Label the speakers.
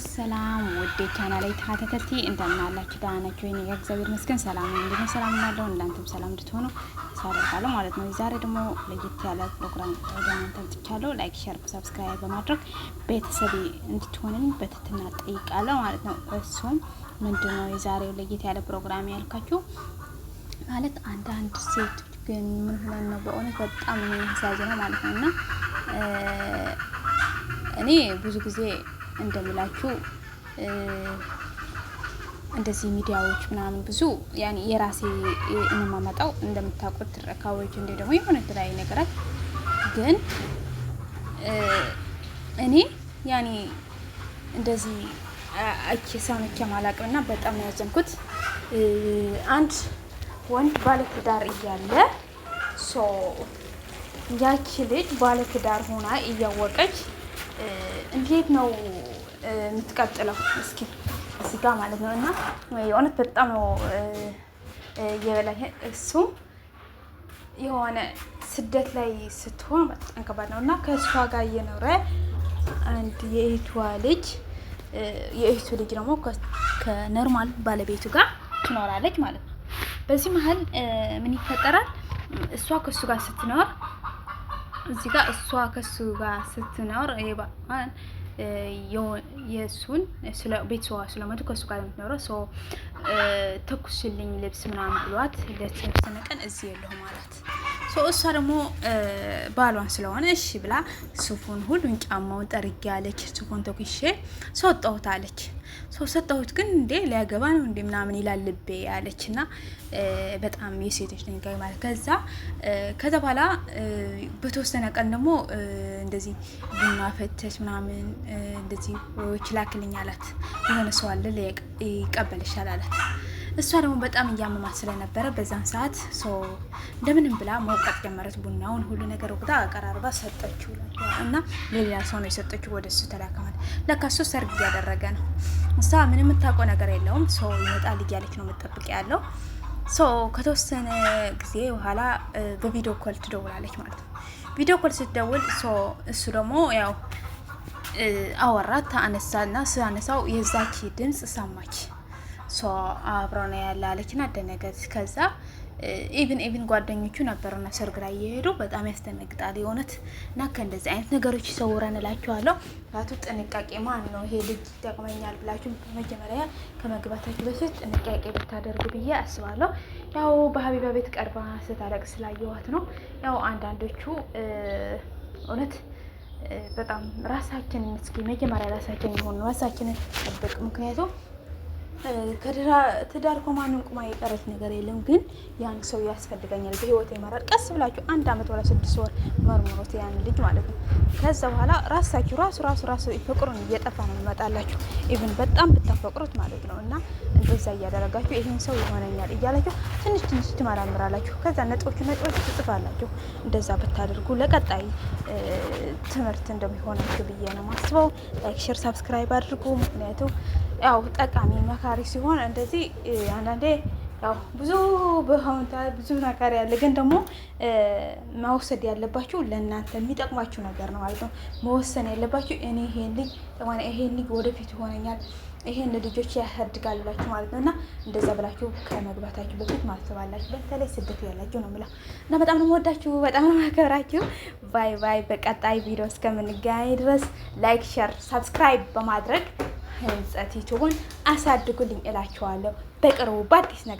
Speaker 1: ሰላም ሰላም፣ ውዴ ላይ ተከታተቲ እንደምን አላችሁ? ደህና ናችሁ ወይ? እግዚአብሔር ይመስገን ሰላም ነው። እንዲሁም ሰላም እናለው እናንተም ሰላም እንድትሆኑ ሳደርጋለሁ ማለት ነው። ዛሬ ደግሞ ለየት ያለ ፕሮግራም ወደ እናንተ አምጥቻለሁ። ላይክ፣ ሼር፣ ሰብስክራይብ በማድረግ ቤተሰብ እንድትሆንን በትህትና ጠይቃለሁ ማለት ነው። እሱም ምንድን ነው የዛሬው ለየት ያለ ፕሮግራም ያልካችሁ ማለት አንዳንድ ሴቶች ግን ምን ሆነን ነው በእውነት በጣም የሚያሳዝነው ማለት ነው እና እኔ ብዙ ጊዜ እንደምላችሁ እንደዚህ ሚዲያዎች ምናምን ብዙ ያኔ የራሴ እንማመጣው እንደምታውቁት ትረካዎች እንደ ደግሞ የሆነ የተለያዩ ነገራት ግን እኔ ያኔ እንደዚህ አይቼ ሰምቼ ማላቅም እና በጣም ነው ያዘንኩት። አንድ ወንድ ባለትዳር እያለ ሶ ያቺ ልጅ ባለትዳር ሆና እያወቀች እንዴት ነው የምትቀጥለው? እስኪ እዚህ ጋ ማለት ነው እና የእውነት በጣም ነው የበላኝ። እሱም የሆነ ስደት ላይ ስትሆን በጣም ከባድ ነው እና ከእሷ ጋር እየኖረ አንድ የእህቷ ልጅ የእህቱ ልጅ ደግሞ ከኖርማል ባለቤቱ ጋር ትኖራለች ማለት ነው። በዚህ መሀል ምን ይፈጠራል? እሷ ከእሱ ጋር ስትኖር እዚህ ጋር እሷ ከሱ ጋር ስትኖር የባን የእሱን ቤተሰዋ ስለመጡ ከእሱ ጋር የምትኖረው ሰው ተኩስልኝ ልብስ ምናምን ብሏት ለተወሰነ ቀን እዚህ የለሁም ማለት እሷ ደግሞ ባሏን ስለሆነ እሺ ብላ ሱፉን ሁሉን ጫማውን ጠርጌ አለች። ሱፉን ተኩሼ ሰጠሁት አለች። ሰው ሰጠሁት ግን እንዴ ሊያገባ ነው እንዴ ምናምን ይላል ልቤ አለች። እና በጣም የሴቶች ድንጋይ ማለት ከዛ ከዛ በኋላ በተወሰነ ቀን ደግሞ እንደዚህ ቡና ፈተች ምናምን እንደዚህ ችላክልኝ አላት። የሆነ ሰው አለ ይቀበልሻል አላት። እሷ ደግሞ በጣም እያመማት ስለነበረ በዛን ሰዓት ሰው እንደምንም ብላ መውቀጥ ጀመረት። ቡናውን ሁሉ ነገር ወቅታ አቀራርባ ሰጠችው እና ለሌላ ሰው ነው የሰጠችው። ወደ እሱ ተላከማል። ለካ እሱ ሰርግ እያደረገ ነው። እሷ ምን የምታውቀው ነገር የለውም። ሰው ይመጣል እያለች ነው መጠብቅ ያለው ሰው ከተወሰነ ጊዜ በኋላ በቪዲዮ ኮል ትደውላለች ማለት ነው። ቪዲዮ ኮል ስትደውል እሱ ደግሞ ያው አወራት፣ አነሳ ስ አነሳው የዛች ድምፅ ሰማች። እሷ አብረው ነው ያለ አለችና አደነገጠች። ከዛ ኢቭን ኢቭን ጓደኞቹ ነበሩና ሰርግ ላይ እየሄዱ በጣም ያስደነግጣል። የእውነት እና ከእንደዚህ አይነት ነገሮች ይሰውረን እላችኋለሁ። ቱ ጥንቃቄ ማን ነው ይሄ ልጅ ይጠቅመኛል ብላችሁ መጀመሪያ ከመግባታችሁ በፊት ጥንቃቄ ብታደርጉ ብዬ አስባለሁ። ያው በሀቢባ ቤት ቀርባ ስታለቅ ስላየኋት ነው። ያው አንዳንዶቹ እውነት በጣም ራሳችንን እስኪ መጀመሪያ ራሳችን የሆኑ ራሳችንን ጠብቅ ምክንያቱም ከትዳር ከማንም ቁማ የቀረች ነገር የለም። ግን ያን ሰው ያስፈልገኛል በህይወት ይመራል። ቀስ ብላችሁ አንድ አመት ወላ ስድስት ወር መርምሮት ያን ልጅ ማለት ነው። ከዛ በኋላ ራሳችሁ ራሱ ራሱ ራሱ ፍቅሩን እየጠፋ ነው ይመጣላችሁ። ኢቭን በጣም ብታፈቅሩት ማለት ነው። እና እንደዛ እያደረጋችሁ ይህን ሰው ይሆነኛል እያላችሁ ትንሽ ትንሽ ትመራምራላችሁ። ከዛ ነጥቦቹ ነጥቦች ትጽፋላችሁ። እንደዛ ብታደርጉ ለቀጣይ ትምህርት እንደሚሆናችሁ ብዬ ነው ማስበው። ላይክ፣ ሼር፣ ሳብስክራይብ አድርጉ ምክንያቱም ያው ጠቃሚ መካሪ ሲሆን እንደዚህ አንዳንዴ ያው ብዙ በሆንታ ብዙ ነገር ያለ ግን ደግሞ መውሰድ ያለባችሁ ለእናንተ የሚጠቅማችሁ ነገር ነው ማለት ነው። መወሰን ያለባችሁ እኔ ይሄን ልጅ ጠማና ይሄን ልጅ ወደፊት ይሆነኛል ይሄን ልጆች ያሳድጋል ብላችሁ ማለት ነው። እና እንደዛ ብላችሁ ከመግባታችሁ በፊት ማስባላችሁ፣ በተለይ ስደት ያላችሁ ነው የምለው እና በጣም ነው የምወዳችሁ፣ በጣም ነው የማከብራችሁ። ባይ ባይ። በቀጣይ ቪዲዮ እስከምንገናኝ ድረስ ላይክ፣ ሸር፣ ሳብስክራይብ በማድረግ ህንጸት ይችሁን አሳድጉልኝ እላችኋለሁ። በቅርቡ በአዲስ ነገር